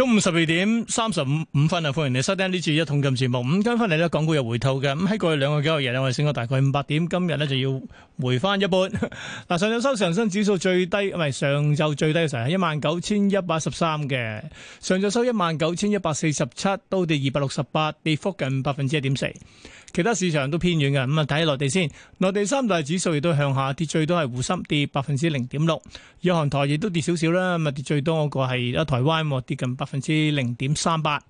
中午十二點三十五五分啊，歡迎你收聽呢次一桶金節目。五跟翻嚟咧，港股又回吐嘅。咁喺過去兩個幾日咧，我哋升咗大概五百點。今日呢就要回翻一半。嗱， 上晝收上身指數最低，唔係上晝最低嘅時候係一萬九千一百一十三嘅。上晝收一萬九千一百四十七，都跌二百六十八，跌幅近百分之一點四。其他市場都偏遠嘅，咁啊睇下內地先。內地三大指數亦都向下跌，最多係滬深跌百分之零點六，日韓台亦都跌少少啦，咁啊跌最多嗰個係台灣，跌近百分之零點三八。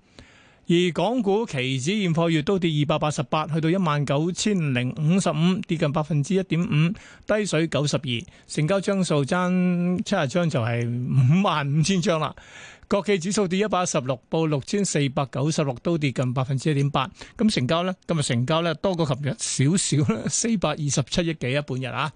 而港股期指現貨月都跌二百八十八，去到一萬九千零五十五，跌近百分之一點五，低水九十二，成交張數爭七十張就係五萬五千張啦。國企指數跌一百一十六，報六千四百九十六，都跌近百分之一點八。咁成交呢？今日成交呢？多過琴日少少啦，四百二十七億幾啊，半日啊。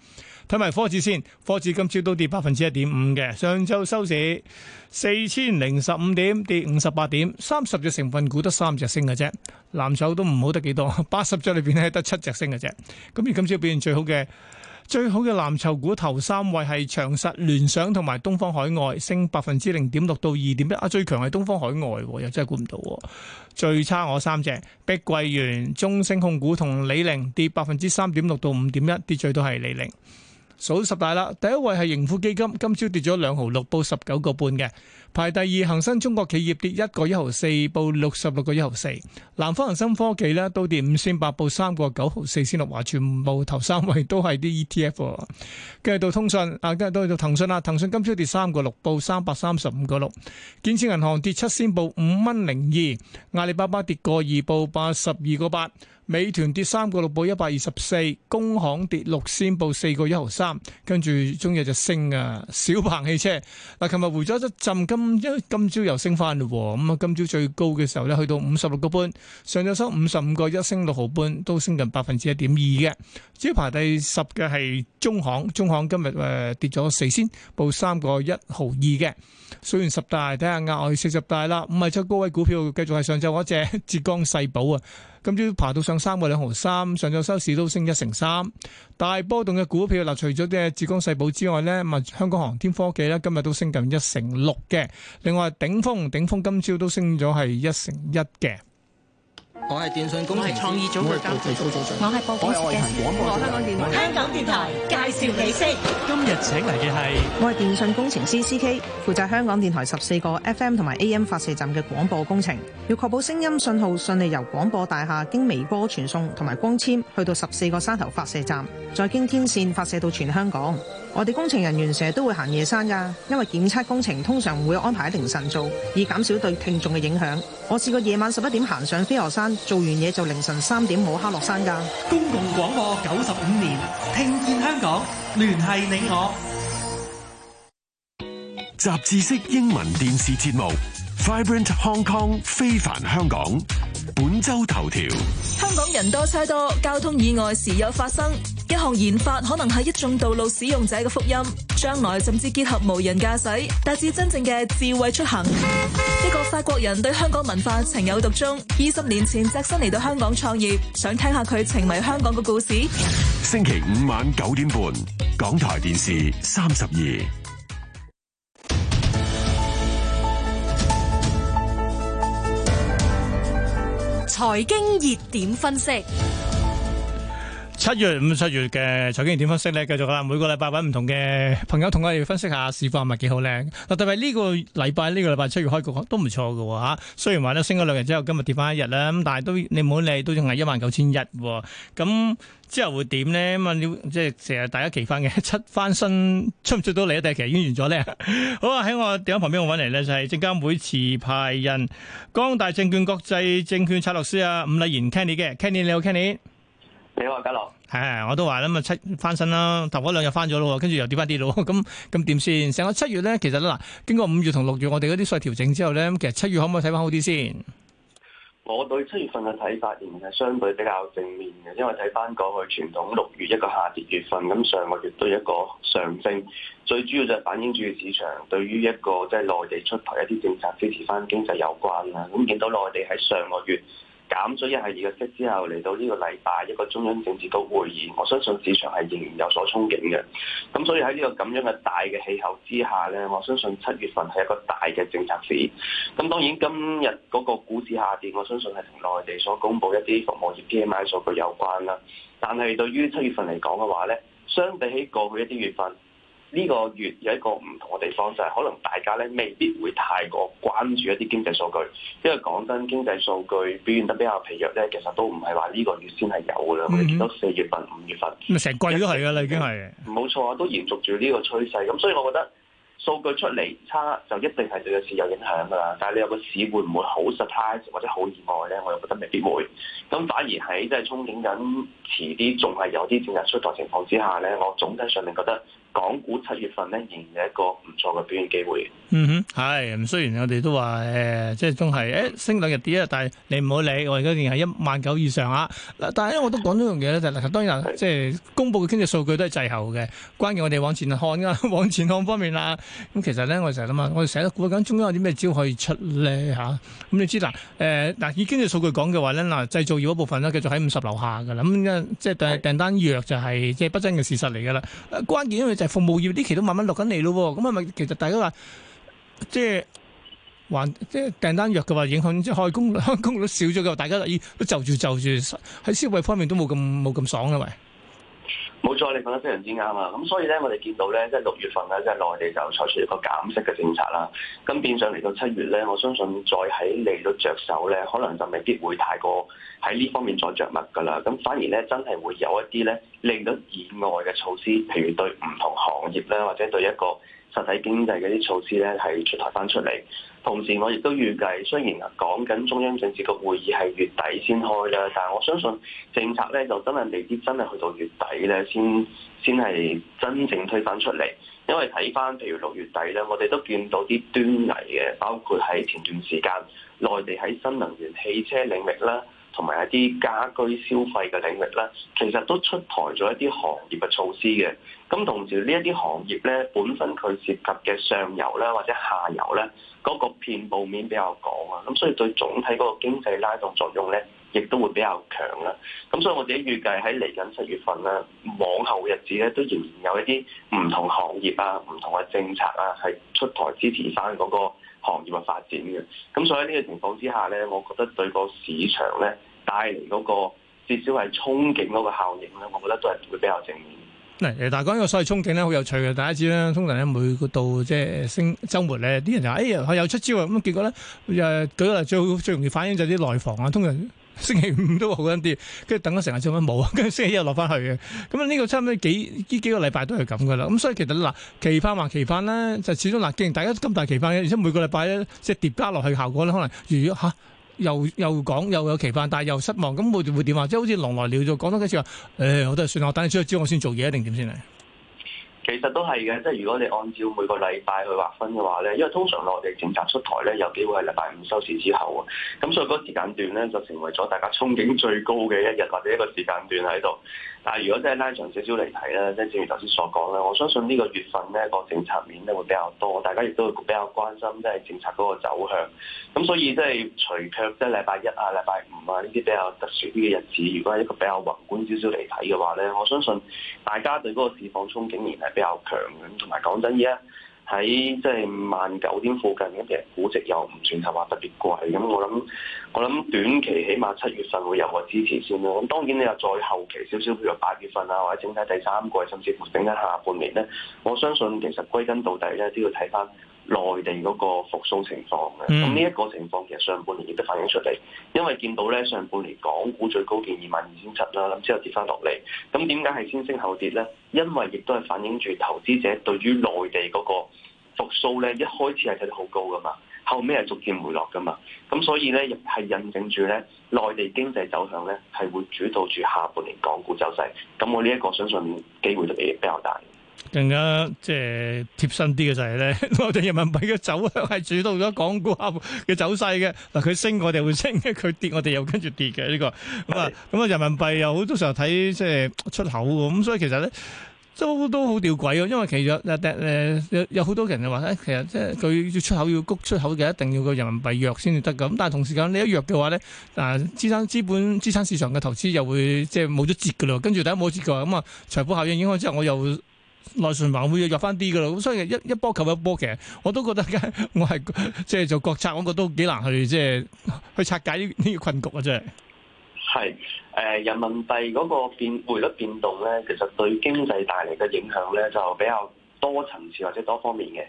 睇埋科指先，科指今朝都跌百分之一點五嘅。上晝收市四千零十五點，跌五十八點，三十隻成分股得三隻升嘅啫，藍籌都唔好得幾多，八十隻裏邊呢得七隻升嘅啫。咁而今朝表現最好嘅。最好嘅藍籌股頭三位係長實、聯想同埋東方海外，升百分之零點六到二點一。啊，最強係東方海外，又真係估唔到。最差我三隻，碧桂園、中升控股同李寧跌百分之三點六到五點一，跌最多係李寧。數十大啦，第一位係盈富基金，今朝跌咗兩毫六，報十九個半嘅。排第二恒生中國企業跌一個一毫四，報六十六個一毫四。南方恒生科技呢都跌五先八，報三個九毫四先六。話全部頭三位都係啲 ETF。繼續到通訊，啊，今日都去到騰訊啦。騰訊今朝跌三個六，報三百三十五個六。建設銀行跌七先，報五蚊零二。阿里巴巴跌個二，報八十二個八。美團跌三個六，報一百二十四，工行跌六仙，報四個一毫三，跟住中日就升啊！小鵬汽車嗱，琴日回咗一浸金，今朝又升翻咯，咁啊今朝最高嘅時候咧，去到五十六個半，上晝收五十五個一，升六毫半，都升近百分之一點二嘅。只要排第十嘅係中行，中行今日誒跌咗四仙，報三個一毫二嘅。數完十大，睇下額外四十大啦，五係出高位股票，繼續係上晝嗰隻浙江世寶啊。今朝爬到上三個兩毫三，上晝收市都升一成三。大波動嘅股票，除咗啲嘅浙江世寶之外咧，香港航天科技今日都升近一成六嘅。另外頂峰，頂峰今朝都升咗係一成一嘅。我係電信工程創意組嘅高級操作員，我係報導員，我係香港電台介紹你識。今日請嚟嘅係我係電信工程師 C K，負責香港電台十四個 F M 同埋 A M 發射站嘅廣播工程，要確保聲音信號順利由廣播大廈經微波傳送同埋光纖去到十四個山頭發射站，再經天線發射到全香港。我哋工程人員成日都會行夜山㗎，因為檢測工程通常會安排凌晨做，以減少對聽眾嘅影響。我試過夜晚十一點行上飛鵝山，做完嘢就凌晨三點摸黑落山㗎。公共廣播九十五年，聽見香港，聯繫你我。雜誌式英文電視節目。Vibrant Hong Kong，非凡香港。本周頭條：香港人多車多，交通意外時有發生。一項研發可能係一眾道路使用者嘅福音，將來甚至結合無人駕駛，達至真正嘅智慧出行。 一個法國人對香港文化情有獨鍾，二十年前隻身嚟到香港創業，想聽下佢情迷香港嘅故事。星期五晚九點半，港台電視三十二。財經熱點分析。七月五七月嘅財經熱點分析咧，繼續啦。每個禮拜揾唔同嘅朋友同我哋分析下市況係咪幾好咧？嗱，特別呢個禮拜呢個禮拜七月開局都唔錯嘅吓。雖然話咧升咗兩日之後，今日跌翻一日啦。咁但係都你唔好理，都仲係一萬九千一，哦。咁、嗯、之後會點咧？咁啊要即係成日大家期翻嘅七翻身，出唔出到嚟啊？定係其實已經完咗咧？ 好啊！喺我電話旁邊我揾嚟咧就係證監會持牌人，光大證券國際證券策律師啊，伍禮賢 Kenny 嘅 Kenny 你好 Kenny，你好啊，家樂。係，我都話啦，咁啊七翻身啦，頭嗰兩日翻咗咯，跟住又跌翻啲咯，咁咁點先？成個七月咧，其實啦，經過五月同六月我哋嗰啲細調整之後咧，其實七月可唔可以睇翻好啲先？我對七月份嘅睇法仍然係相對比較正面嘅，因為睇翻過去傳統六月一個下跌月份，咁上個月，月都有一個上升，最主要就係反映住市場對於一個即係內地出台一啲政策支持翻經濟有關啦。咁見到內地喺上個月。減咗一係二個息之後，嚟到呢個禮拜一個中央政治局會議，我相信市場係仍然有所憧憬嘅。咁所以喺呢個咁樣嘅大嘅氣候之下咧，我相信七月份係一個大嘅政策市。咁當然今日嗰個股市下跌，我相信係同內地所公布一啲服務業 PMI 數據有關啦。但係對於七月份嚟講嘅話咧，相比起過去一啲月份。呢個月有一個唔同嘅地方就係、是，可能大家咧未必會太過關注一啲經濟數據，因為講真，經濟數據表現得比較疲弱咧，其實都唔係話呢個月先係有嘅啦。我哋見到四月份、五月份，成、嗯、季都係噶啦，已經係冇錯啊，都延續住呢個趨勢。咁所以，我覺得數據出嚟差就一定係對個市有影響噶啦。但係你有個市會唔會好 surprise 或者好意外咧？我又覺得未必會。咁反而喺即係憧憬緊遲啲仲係有啲政策出台情況之下咧，我總體上面覺得。港股七月份咧仍然係一個唔錯嘅表現機會。嗯哼，係。咁雖然我哋都話誒、欸，即係仲係誒升兩日跌啊，但係你唔好理，我而家已經係一萬九以上啊。嗱，但係咧，我都講咗樣嘢就係，當然啊，即係公布嘅經濟數據都係滯後嘅。關鍵我哋往前看㗎，往前看方面啊，咁其實呢，我成日諗問，我哋成日都估緊，中央有啲咩招可以出呢？嚇、啊？咁你知嗱誒嗱，以經濟數據講嘅話呢，嗱製造業嗰部分呢，繼續喺五十樓下㗎啦。咁即係訂單弱就係即係不爭嘅事實嚟㗎啦。關鍵因為、就是服務業呢期都慢慢落緊嚟咯，咁係咪其實大家即即話即係還即係訂單弱嘅話影響即係開工開工率少咗嘅，大家咦都就住就住喺消費方面都冇咁冇咁爽啦、啊，咪。冇錯，你講得非常之啱啊！咁所以咧，我哋見到咧，即係六月份咧，即係內地就採取一個減息嘅政策啦。咁變相嚟到七月咧，我相信再喺利率着手咧，可能就未必會太過喺呢方面再着墨㗎啦。咁反而咧，真係會有一啲咧令到以外嘅措施，譬如對唔同行業咧，或者對一個實體經濟嗰啲措施咧係出台翻出嚟，同時我亦都預計，雖然講緊中央政治局會議係月底先開啦，但係我相信政策咧就真係未必真係去到月底咧先先係真正推翻出嚟，因為睇翻譬如六月底咧，我哋都見到啲端倪嘅，包括喺前段時間內地喺新能源汽車領域啦。同埋一啲家居消費嘅領域啦，其實都出台咗一啲行業嘅措施嘅。咁同時呢一啲行業咧，本身佢涉及嘅上游啦或者下游咧，嗰個片佈面比較廣啊。咁所以對總體嗰個經濟拉動作用咧，亦都會比較強啦。咁所以我自己預計喺嚟緊七月份啦，往後日子咧，都仍然有一啲唔同行業啊、唔同嘅政策啊，係出台支持翻嗰個行業嘅發展嘅，咁所以呢個情況之下咧，我覺得對個市場咧，帶嚟嗰個至少係憧憬嗰個效應咧，我覺得都係會比較正面。嗱，大家講呢個所謂憧憬咧，好有趣嘅。大家知啦，通常咧，每個到即係星週末咧，啲人就話哎呀，佢又出招啊！咁結果咧，誒，舉例最最容易反應就係啲內房啊，通常。星期五都好緊啲，跟住等咗成日做乜冇，啊？跟住星期一落翻去嘅，咁啊呢個差唔多幾呢幾個禮拜都係咁噶啦。咁所以其實嗱，期盼或期盼咧，就始終嗱，既然大家咁大期盼嘅，而且每個禮拜咧即係疊加落去效果咧，可能如嚇、啊、又又講又有期盼，但係又失望，咁我哋會點啊？即係好似狼來了就講多幾次話，誒、哎、我都係算我等你出去之後我先做嘢，一定點先嚟？其實都係嘅，即係如果你按照每個禮拜去劃分嘅話呢，因為通常內地政策出台呢，有機會係禮拜五收市之後啊，咁所以嗰個時間段呢，就成為咗大家憧憬最高嘅一日或者一個時間段喺度。但係如果真係拉長少少嚟睇咧，即係正如頭先所講咧，我相信呢個月份呢個政策面咧會比較多，大家亦都會比較關心即係政策嗰個走向。咁所以即係除卻即係禮拜一啊、禮拜五啊呢啲比較特殊啲嘅日子，如果係一個比較宏觀少少嚟睇嘅話咧，我相信大家對嗰個市況憧憬仍然係比較強嘅，同埋講真依家。喺即係萬九點附近，咁其實估值又唔算係話特別貴，咁我諗我諗短期起碼七月份會有個支持先啦。咁當然你又再後期少少譬如八月份啊，或者整體第三季，甚至乎整體下半年咧，我相信其實歸根到底咧，都要睇翻。內地嗰個復甦情況嘅，咁呢一個情況其實上半年亦都反映出嚟，因為見到咧上半年港股最高見二萬二千七啦，咁之後跌翻落嚟，咁點解係先升後跌咧？因為亦都係反映住投資者對於內地嗰個復甦咧，一開始係睇得好高噶嘛，後尾係逐漸回落噶嘛，咁所以咧係引證住咧內地經濟走向咧係會主導住下半年港股走勢，咁我呢一個相信機會都比比較大。更加即係貼身啲嘅就係咧， 我哋人民幣嘅走向係主導咗港股嘅走勢嘅嗱，佢升我哋會升，佢跌我哋又跟住跌嘅呢、這個咁啊，咁啊、呃，人民幣又好多時候睇即係出口嘅，咁、呃、所以其實咧都都好吊鬼嘅，因為其實誒、呃呃、有好多人就話咧，其實即係佢要出口要谷出口嘅，一定要個人民幣弱先至得嘅。咁但係同時間你一弱嘅話咧，嗱、呃，資生資本、資產市場嘅投資又會即係冇咗折噶啦，跟住第一冇咗折嘅話，咁啊財富效應影響之後，我又，又，又。我又內循環會弱翻啲噶咯，咁所以一一波球一波劇，其實我都覺得我係即係做國策，我覺得都幾難去即係、即係、去拆解呢個困局啊！真係係誒人民幣嗰個變匯率變動咧，其實對經濟帶嚟嘅影響咧就比較，多層次或者多方面嘅，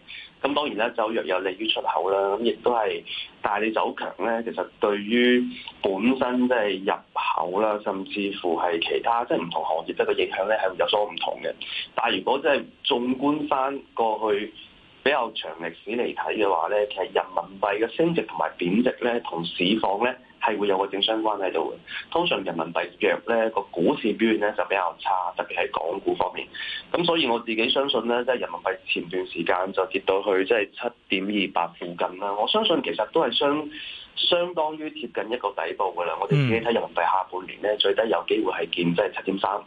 咁當然啦，走弱有利於出口啦，咁亦都係，但係你走強咧，其實對於本身即係入口啦，甚至乎係其他即係唔同行業即係個影響咧係有所唔同嘅。但係如果即係縱觀翻過去比較長歷史嚟睇嘅話咧，其實人民幣嘅升值同埋貶值咧同市況咧。係會有個正相關喺度嘅，通常人民幣弱咧，個股市表現咧就比較差，特別喺港股方面。咁所以我自己相信咧，即係人民幣前段時間就跌到去即係七點二八附近啦。我相信其實都係相相當於貼近一個底部噶啦。我哋自己睇人民幣下半年咧，最低有機會係見即係七點三五。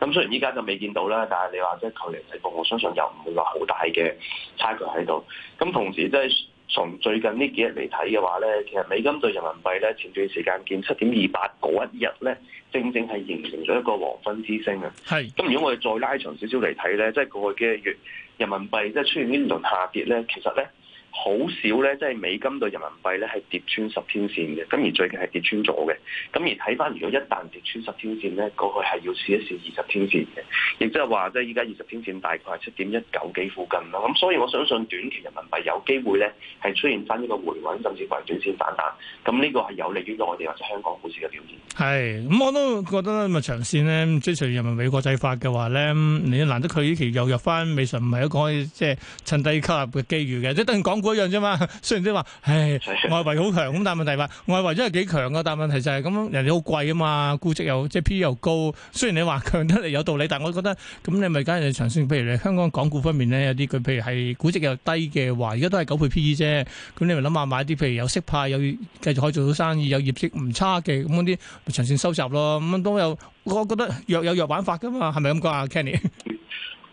咁雖然依家就未見到啦，但係你話即係距離底部，我相信又唔會話好大嘅差距喺度。咁同時即係。從最近呢幾日嚟睇嘅話咧，其實美金對人民幣咧前段時間見七點二八嗰一日咧，正正係形成咗一個黃昏之星啊！係是。咁、嗯、如果我哋再拉長少少嚟睇咧，即、就、係、是、過去幾個月人民幣即係出現呢唔同下跌咧，其實咧。好少咧，即係美金對人民幣咧係跌穿十天線嘅，咁而最近係跌穿咗嘅。咁而睇翻，如果一旦跌穿十天線咧，過去係要試一試二十天線嘅，亦即係話即係依家二十天線大概係七點一九幾附近啦。咁所以我相信短期人民幣有機會咧係出現翻呢個回穩甚至乎係短線反彈。咁呢個係有利於我哋或者香港股市嘅表現。係，咁、嗯、我都覺得咧，長線咧追隨人民幣國際化嘅話咧、嗯，你難得佢呢期又入翻美巡，唔係一個可以即係趁低吸入嘅機遇嘅，即係當然講嗰樣啫嘛，雖然即係話，唉，外圍好強咁，但係問題話，外圍真係幾強啊，但係問題就係咁，人哋好貴啊嘛，估值又即係 P E 又高，雖然你話強得嚟有道理，但係我覺得咁你咪梗係長線，譬如你香港港股方面咧，有啲佢譬如係估值又低嘅話，而家都係九倍 P E 啫，咁你咪諗下買啲譬如有息派，有繼續可以做到生意，有業績唔差嘅咁嗰啲長線收集咯，咁都有，我覺得弱有弱玩法噶嘛，係咪咁講啊，Kenny？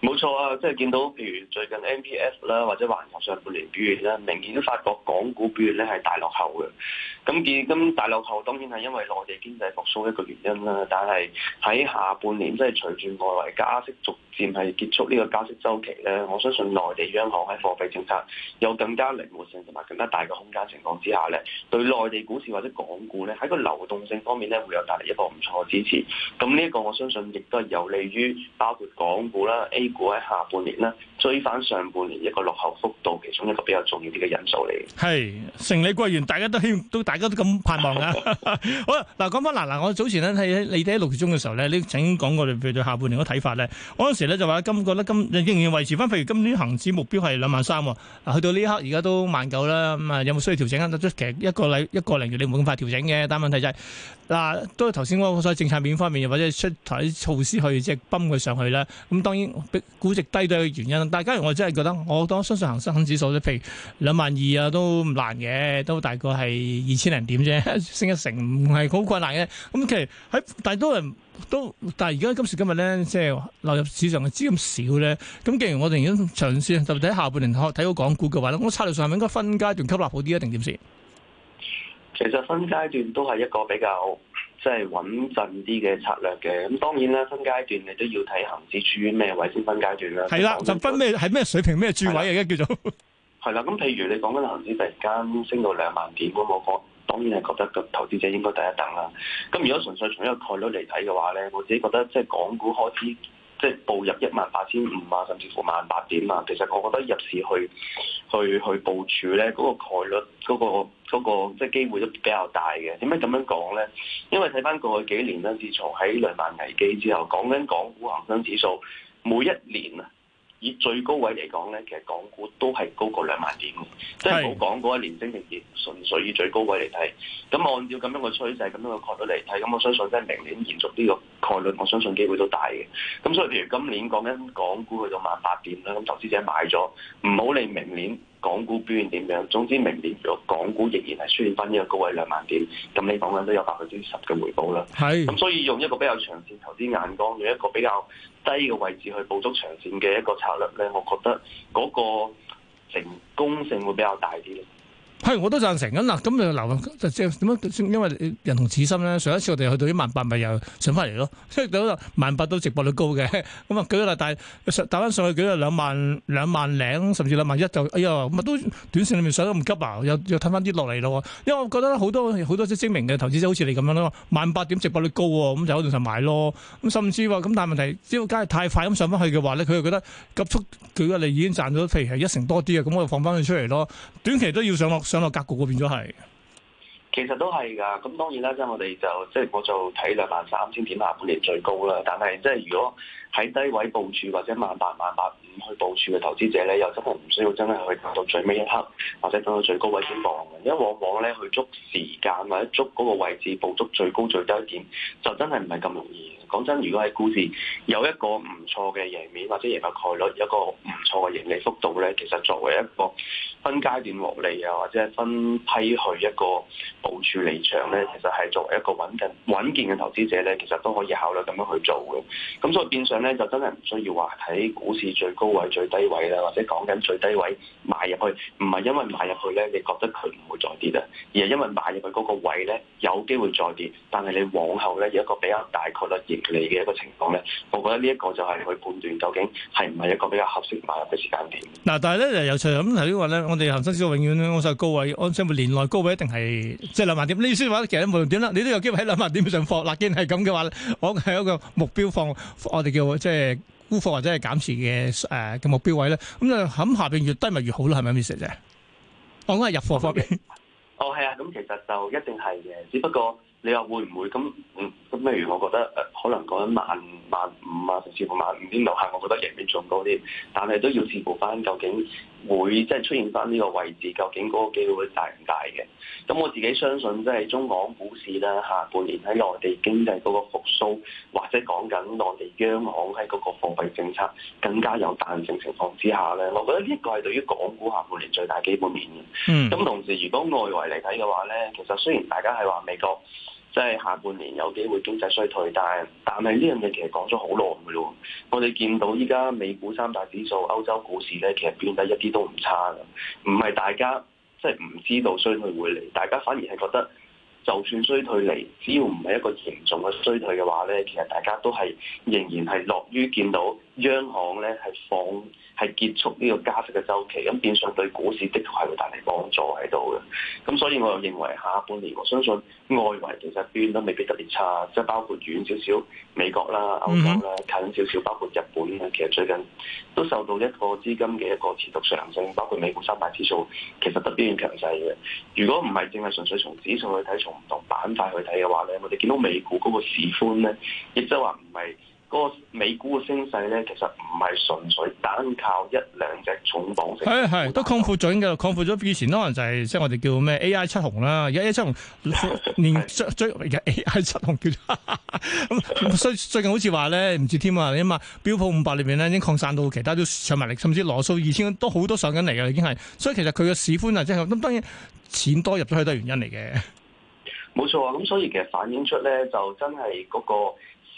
冇錯啊，即係見到譬如最近 MPF 啦，或者環球上半年表現啦，明顯都發覺港股表現咧係大落後嘅。咁見今大落後，當然係因為內地經濟復甦一個原因啦。但係喺下半年，即係隨住外圍加息逐漸係結束呢個加息周期咧，我相信內地央行喺貨幣政策有更加靈活性同埋更加大嘅空間情況之下咧，對內地股市或者港股咧喺個流動性方面咧，會有帶嚟一個唔錯嘅支持。咁呢一個我相信亦都係有利於包括港股啦、A 股喺下半年啦追翻上半年一個落後幅度，其中一個比較重要啲嘅因素嚟。係城裏桂園，大家都希都。大家都咁盼望噶， 好嗱，講翻嗱嗱，我早前咧喺你哋喺六月中嘅時候咧，你曾經講過，譬如對下半年嘅睇法咧，嗰陣時咧就話今覺得今仍然維持翻，譬如今年恆指目標係兩萬三，啊，去到呢一刻而家都萬九啦，咁啊，有冇需要調整啊？出其實一個禮一個零月你冇咁快調整嘅，但問題就係、是、嗱、啊，都係頭先我喺政策面方面，又或者出台措施去即係泵佢上去啦。咁、啊、當然估值低低嘅原因，大家我真係覺得，我當相信恒生指數咧，譬如兩萬二啊都唔難嘅，都大概係二。千零點啫，升一成唔係好困難嘅。咁其實喺大多人都，但係而家今時今日咧，即係流入市場嘅資金少咧。咁既然我哋而家嘗試，特別喺下半年睇睇到港股嘅話咧，我策略上係咪應該分階段吸納好啲一定點先？其實分階段都係一個比較即係、就是、穩陣啲嘅策略嘅。咁當然啦，分階段你都要睇恆指處於咩位先分階段啦。係啦的，就分咩？係咩水平咩轉位嘅叫做？係啦的。咁、 嗯、譬如你講緊恆指突然間升到兩萬點咁，我講。當然係覺得個投資者應該第一等啦。咁如果純粹從一個概率嚟睇嘅話咧，我自己覺得即係港股開始即係步入一萬八千五啊，甚至乎萬八點啊。其實我覺得入市去去去部署咧，嗰個概率、嗰個嗰個即係機會都比較大嘅。點解咁樣講咧？因為睇翻過去幾年啦，自從喺雷曼危機之後，講緊港股恒生指數每一年啊。以最高位嚟講咧，其實港股都係高過兩萬點嘅，是即係冇講嗰一年升年跌，純粹以最高位嚟睇。咁按照咁樣嘅趨勢、咁、就是、樣嘅概率嚟睇，咁我相信即係明年延續呢個概率，我相信機會都大嘅。咁所以譬如今年講緊港股去到萬八點啦，咁投資者買咗，唔好理明年港股表現點樣。總之明年個港股仍然係穿越翻呢個高位兩萬點，咁你講緊都有百分之十嘅回報啦。係是。咁所以用一個比較長線投資眼光，用一個比較低嘅位置去捕捉長線嘅一個策略咧，我覺得嗰個成功性會比較大啲。係，我都贊成咁嗱，咁就留。即係點樣？因為人同此心咧，上一次我哋去到一萬八咪又上翻嚟咯。即係到萬八都值博率高嘅，咁、嗯、啊舉咗啦，但係打翻上去舉到兩萬兩萬零，甚至兩萬一就哎呀，咁啊都短線裏面上得唔急啊？又又睇翻啲落嚟咯。因為我覺得好多好多啲精明嘅投資者好似你咁樣咯，萬八點值博率高喎，咁、嗯、就喺度上買咯。咁甚至喎，咁、嗯、但係問題，只要梗係太快咁上翻去嘅話咧，佢又覺得急促，佢嘅利已經賺咗，譬如係一成多啲啊，咁、嗯、我就放翻佢出嚟咯。短期都要上落。上落格局嗰邊都係，其實都係㗎。咁當然啦，即係我哋就即係我就睇兩萬三千點下半年最高啦。但係即係如果喺低位部署，或者萬八萬八去部署嘅投資者咧，又真係唔需要真係去等到最尾一刻，或者等到最高位先望嘅。因為往往咧，去捉時間或者捉嗰個位置捕捉最高最低點，就真係唔係咁容易。講真，如果喺股市有一個唔錯嘅贏面或者贏嘅概率，有一個唔錯嘅盈利幅度咧，其實作為一個分階段獲利啊，或者分批去一個部署離場咧，其實係作為一個穩緊穩健嘅投資者咧，其實都可以考慮咁樣去做嘅。咁所以變相咧，就真係唔需要話喺股市最。高位最低位啦，或者講緊最低位買入去，唔係因為買入去咧，你覺得佢唔會再跌啦，而係因為買入去嗰個位咧，有機會再跌。但係你往後咧，有一個比較大概率盈利嘅一個情況咧，我覺得呢一個就係去判斷究竟係唔係一個比較合適買入嘅時間點。嗱，但係咧由再諗頭先話咧，我哋恒生指數永遠喺高位，年內高位一定係即係兩萬點呢啲說話，其實無論點啦，你都有機會喺兩萬點上放。嗱，既然係咁嘅話，我係一個目標放，我哋叫即係。沽貨或者係減持嘅誒嘅目標位咧，咁就諗下邊越低咪越好咯，係咪咁意思啫？我講係入貨方面， 哦係啊，咁其實就一定係嘅，只不過你話會唔會咁？咁、嗯、例如我覺得誒、呃，可能講萬萬五啊，甚至乎萬五點樓下，我覺得贏面仲高啲，但係都要視乎翻究竟。會即係出現翻呢個位置，究竟嗰個機會會大唔大嘅？咁我自己相信，即係中港股市咧，下半年喺內地經濟嗰個復甦，或者講緊內地央行喺嗰個貨幣政策更加有彈性情況之下咧，我覺得呢一個係對於港股下半年最大基本面嘅。嗯。咁同時，如果外圍嚟睇嘅話咧，其實雖然大家係話美國。即係下半年有機會經濟衰退，但係但係呢樣嘢其實講咗好耐嘅咯。我哋見到依家美股三大指數、歐洲股市咧，其實變得一啲都唔差嘅，唔係大家即係唔知道衰退會嚟，大家反而係覺得就算衰退嚟，只要唔係一個嚴重嘅衰退嘅話咧，其實大家都係仍然係樂於見到央行咧係放。係結束呢個加息嘅周期，咁變相對股市的確係會帶嚟幫助喺度嘅。咁所以我又認為下半年我相信外圍其實表現都未必特別差，即係包括遠少少美國啦、歐洲啦，近少少包括日本啦。其實最近都受到一個資金嘅一個持續上升，包括美股三大指數其實特別強勢嘅。如果唔係淨係純粹從指數去睇，從唔同板塊去睇嘅話咧，我哋見到美股嗰個市寬咧，亦即係話唔係。嗰個美股嘅升勢咧，其實唔係純粹單靠一兩隻重磅升，係都擴闊咗嘅，擴闊咗以前可能就係即係我哋叫咩 A I 七雄啦，而家 A I 七雄 連追 A I 七雄跌，所 以最近好似話咧唔知添啊，你嘛標普五百裏面咧已經擴散到其他都上埋嚟，甚至羅素二千都好多上緊嚟嘅已經係，所以其實佢嘅市寬啊，即係咁當然錢多入咗去都係原因嚟嘅，冇錯啊，咁所以其實反映出咧就真係嗰、那個。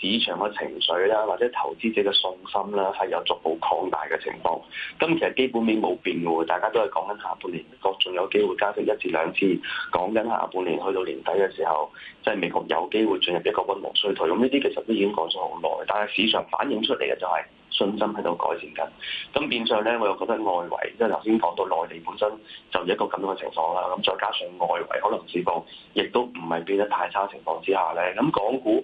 市場嘅情緒啦，或者投資者嘅信心啦，係有逐步擴大嘅情況。咁其實基本面冇變嘅喎，大家都係講緊下半年，美國仲有機會加息一至兩次，講緊下半年去到年底嘅時候，即係美國有機會進入一個溫和衰退。咁呢啲其實都已經講咗好耐，但係市場反映出嚟嘅就係信心喺度改善緊。咁變相咧，我又覺得外圍即係頭先講到內地本身就一個咁樣嘅情況啦。咁再加上外圍可能市況亦都唔係變得太差情況之下咧，咁港股。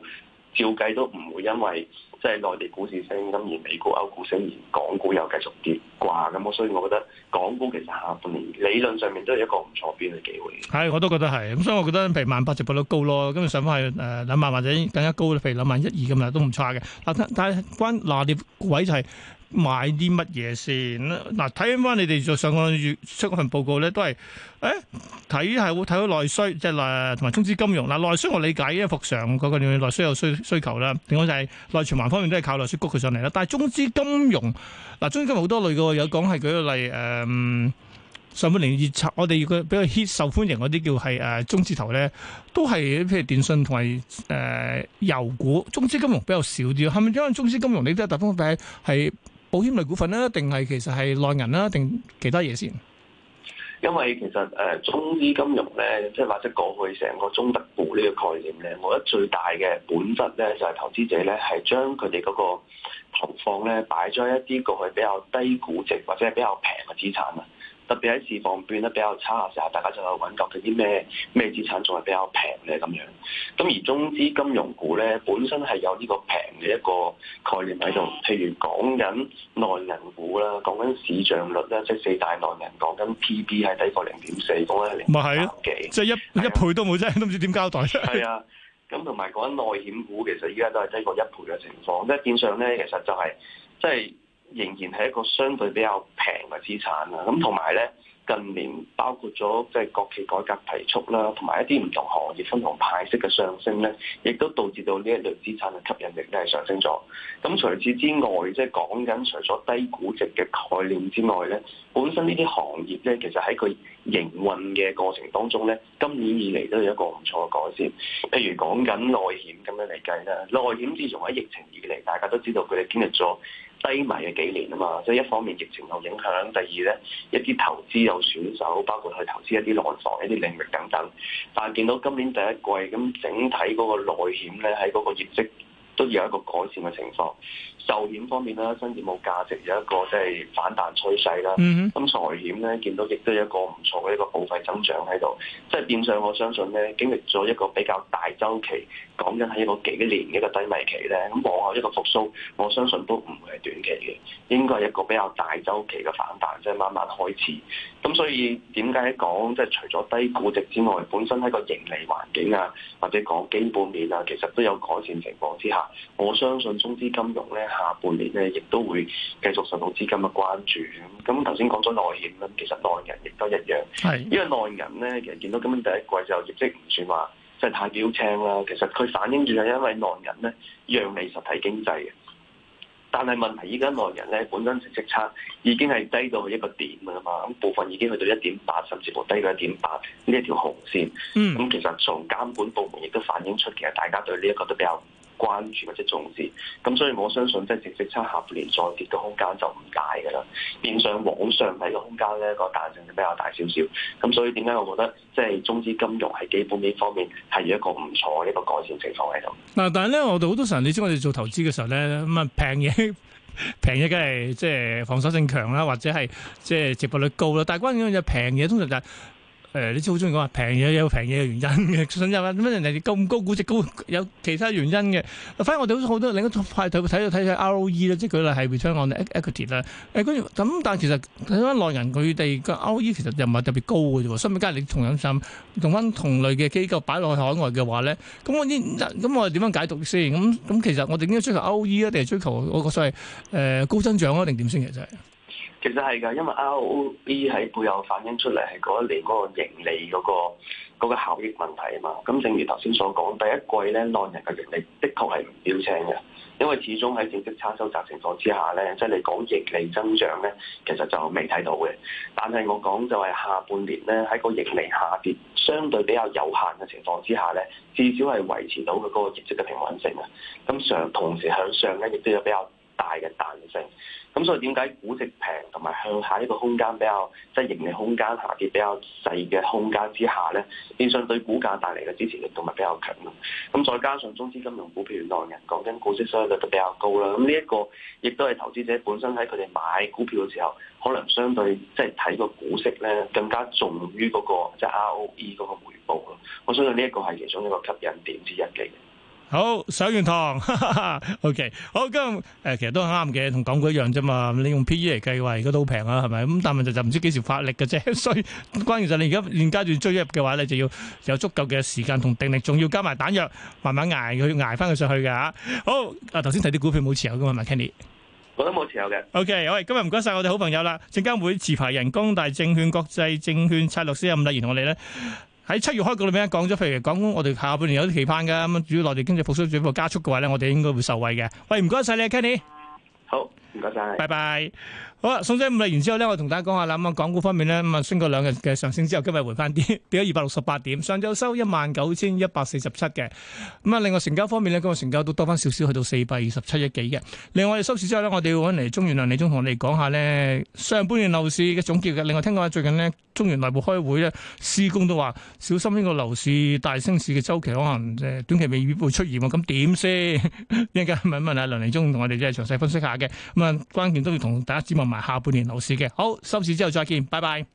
照計都唔會因為。即係內地股市升，而美國歐股升，而港股又繼續跌啩。咁我所以，我覺得港股其實下半年理論上面都係一個唔錯嘅機會。係，我都覺得係。咁所以，我覺得譬如萬八值博率高咯，咁上翻去誒兩萬或者更加高，譬如兩萬一二咁樣，都唔差嘅。嗱，但係關嗱，跌位就係買啲乜嘢先？嗱，睇翻你哋在上個月出嗰份報告咧，都係誒睇係會睇到內需，即係誒同埋中資金融。嗱，內需我理解因為復常嗰個年內需有需需求啦。點講就係內循環。方面都係靠落雪谷佢上嚟啦。但係中資金融嗱，中資金融好多類噶，有講係舉個例，誒、呃，上半年熱炒，我哋個比較 hit 受歡迎嗰啲叫係誒、呃、中資頭咧，都係譬如電信同埋誒油股，中資金融比較少啲，係咪？因為中資金融你都係大部分係係保險類股份啦，定係其實係內銀啦，定其他嘢先。因為其實誒中資金融咧，即係或者過去成個中特估呢個概念咧，我覺得最大嘅本質咧，就係、是、投資者咧係將佢哋嗰個投放咧擺咗一啲過去比較低估值或者係比較平嘅資產啊。特別喺市況變得比較差嘅時候，大家就揾個佢啲咩咩資產仲係比較平嘅咁樣。咁而中資金融股咧，本身係有呢個平嘅一個概念喺度。譬如講緊內銀股啦，講緊市賬率啦，即係四大內銀，講緊 P B 係低過零點四，多係零點幾，即係一的一倍都冇啫，都唔知點交代。係啊的，咁同埋講緊內險股，其實依家都係低過一倍嘅情況。即係變相咧，其實就係即係。仍然係一個相對比較平嘅資產啦，咁同埋咧近年包括咗即係國企改革提速啦，同埋一啲唔同行業分紅派息嘅上升咧，亦都導致到呢一類資產嘅吸引力都係上升咗。咁除此之外，即係講緊除咗低估值嘅概念之外咧，本身呢啲行業咧其實喺佢營運嘅過程當中咧，今年以嚟都有一個唔錯嘅改善。譬如講緊內險咁樣嚟計啦，內險自從喺疫情以嚟，大家都知道佢哋經歷咗。低迷嘅幾年啊嘛，即係一方面疫情有影響，第二呢，一啲投資有損手，包括去投資一啲內房一啲領域等等，但見到今年第一季咁整體嗰個內險呢喺嗰個業績都有一個改善嘅情況。壽險方面咧，新業務價值有一個即係反彈趨勢啦。咁財險咧，見、hmm. 到亦都有一個唔錯嘅一個保費增長喺度。即係變相我相信咧，經歷咗一個比較大周期，講緊喺一個幾年一個低迷期咧。咁往後一個復甦，我相信都唔係短期嘅，應該係一個比較大周期嘅反彈，即係慢慢開始。咁所以點解講即係除咗低估值之外，本身喺個盈利環境啊，或者講基本面啊，其實都有改善情況之下。我相信中資金融咧，下半年咧亦都會繼續受到資金嘅關注。咁頭先講咗內險啦，其實內人亦都一樣。係是因為內人咧，其實見到今年第一季就業績唔算話即係太標青啦。其實佢反映住係因為內人咧讓利實體經濟嘅。但係問題依家內人咧本身成績差，已經係低到去一個點㗎嘛。咁部分已經去到一點八，甚至乎低過一點八呢一條紅線。咁、嗯、其實從監管部門亦都反映出，其實大家對呢一個都比較關注或者重視，咁所以我相信即係淨息差下半年再跌嘅空間就唔大嘅啦。變相往上睇嘅空間咧，個彈性就比較大少少。咁所以點解我覺得即係中資金融喺基本呢方面係有一個唔錯嘅一個改善情況喺度。嗱，但係咧，我哋好多時候，你知我哋做投資嘅時候咧，咁啊平嘢平嘢梗係即係防守性強啦，或者係即係接報率高啦。但係關鍵嘅就係平嘢通常就係、是。誒、呃，你知好中意講話平嘢有平嘢嘅原因嘅，信任啊，點解人哋咁高估值高？有其他原因嘅。反而我哋都好多另一派睇睇睇睇 ROE 啦，即係 return on equity 啦。誒，咁咁，但係其實睇翻內人佢哋嘅 ROE 其實又唔係特別高嘅啫喎，所以加你同樣心，同翻同類嘅機構擺落去海外嘅話咧，咁我呢，咁我點樣解讀先？咁咁，其實我哋應該追求 ROE 啊，定係追求我個所謂誒高增長啊，定點先其實其實係㗎，因為 ROE 喺背後反映出嚟係嗰一年嗰個盈利嗰個嗰個效益問題啊嘛。咁正如頭先所講，第一季咧，內銀嘅盈利的確係唔標青嘅，因為始終喺淨息差收窄情況之下咧，即係你講盈利增長咧，其實就未睇到嘅。但係我講就係下半年咧，喺個盈利下跌相對比較有限嘅情況之下咧，至少係維持到佢嗰個業績嘅平穩性啊。咁上同時向上咧，亦都有比較大嘅彈性。咁所以點解估值平同埋向下一個空間比較，即係盈利空間下跌比較細嘅空間之下咧，變相對股價帶嚟嘅支持力度咪比較強咯？咁再加上中資金融股票當人講緊股息收益率都比較高啦，咁呢一個亦都係投資者本身喺佢哋買股票嘅時候，可能相對即係睇個股息咧更加重於嗰個即係 ROE 嗰個回報咯。我相信呢一個係其中一個吸引點之一嘅。好，上完堂，OK，哈哈 okay，好今日誒、呃、其實都啱嘅，同港股一樣啫嘛。你用 P/E 嚟計嘅話，而家都好平啊，係咪？咁但係就就唔知幾時發力嘅啫。所以關鍵就係你而家現階段追入嘅話，你就要有足夠嘅時間同定力，仲要加埋彈藥，慢慢捱佢捱翻佢上去㗎吓、啊。好，啊頭先睇啲股票冇持有嘅嘛，Kenny，我都冇持有嘅。OK，好、okay，今日唔該晒我哋好朋友啦，證監會持牌人工大證券國際證券策略師啊，伍禮賢，而同我哋咧。喺七月開局裏面講咗，譬如講我哋下半年有啲期盼嘅，咁樣主要內地經濟復甦進一步加速嘅話咧，我哋應該會受惠嘅。喂，唔該晒你，Kenny 啊。好。拜拜。拜拜，好啦，宋仔伍禮賢問完之後咧，我同大家講下啦。咁啊，港股方面咧，咁啊，升過兩日嘅上升之後，今日回翻啲，跌咗二百六十八點，上晝收一萬九千一百四十七嘅。咁啊，另外成交方面咧，今日成交都多翻少少，去到四百二十七億幾嘅。另外，收市之後咧，我哋要搵嚟中原梁利忠同我哋講下呢上半年樓市嘅總結嘅。另外，聽講最近呢中原內部開會咧，施工都話小心呢個樓市大升市嘅週期，可能即係短期未必會出現啊。咁點先？一陣間問一問阿梁利忠同我哋即係詳細分析下嘅。咁啊，關鍵都要同大家展望埋下半年樓市嘅。好，收市之後再見，拜拜。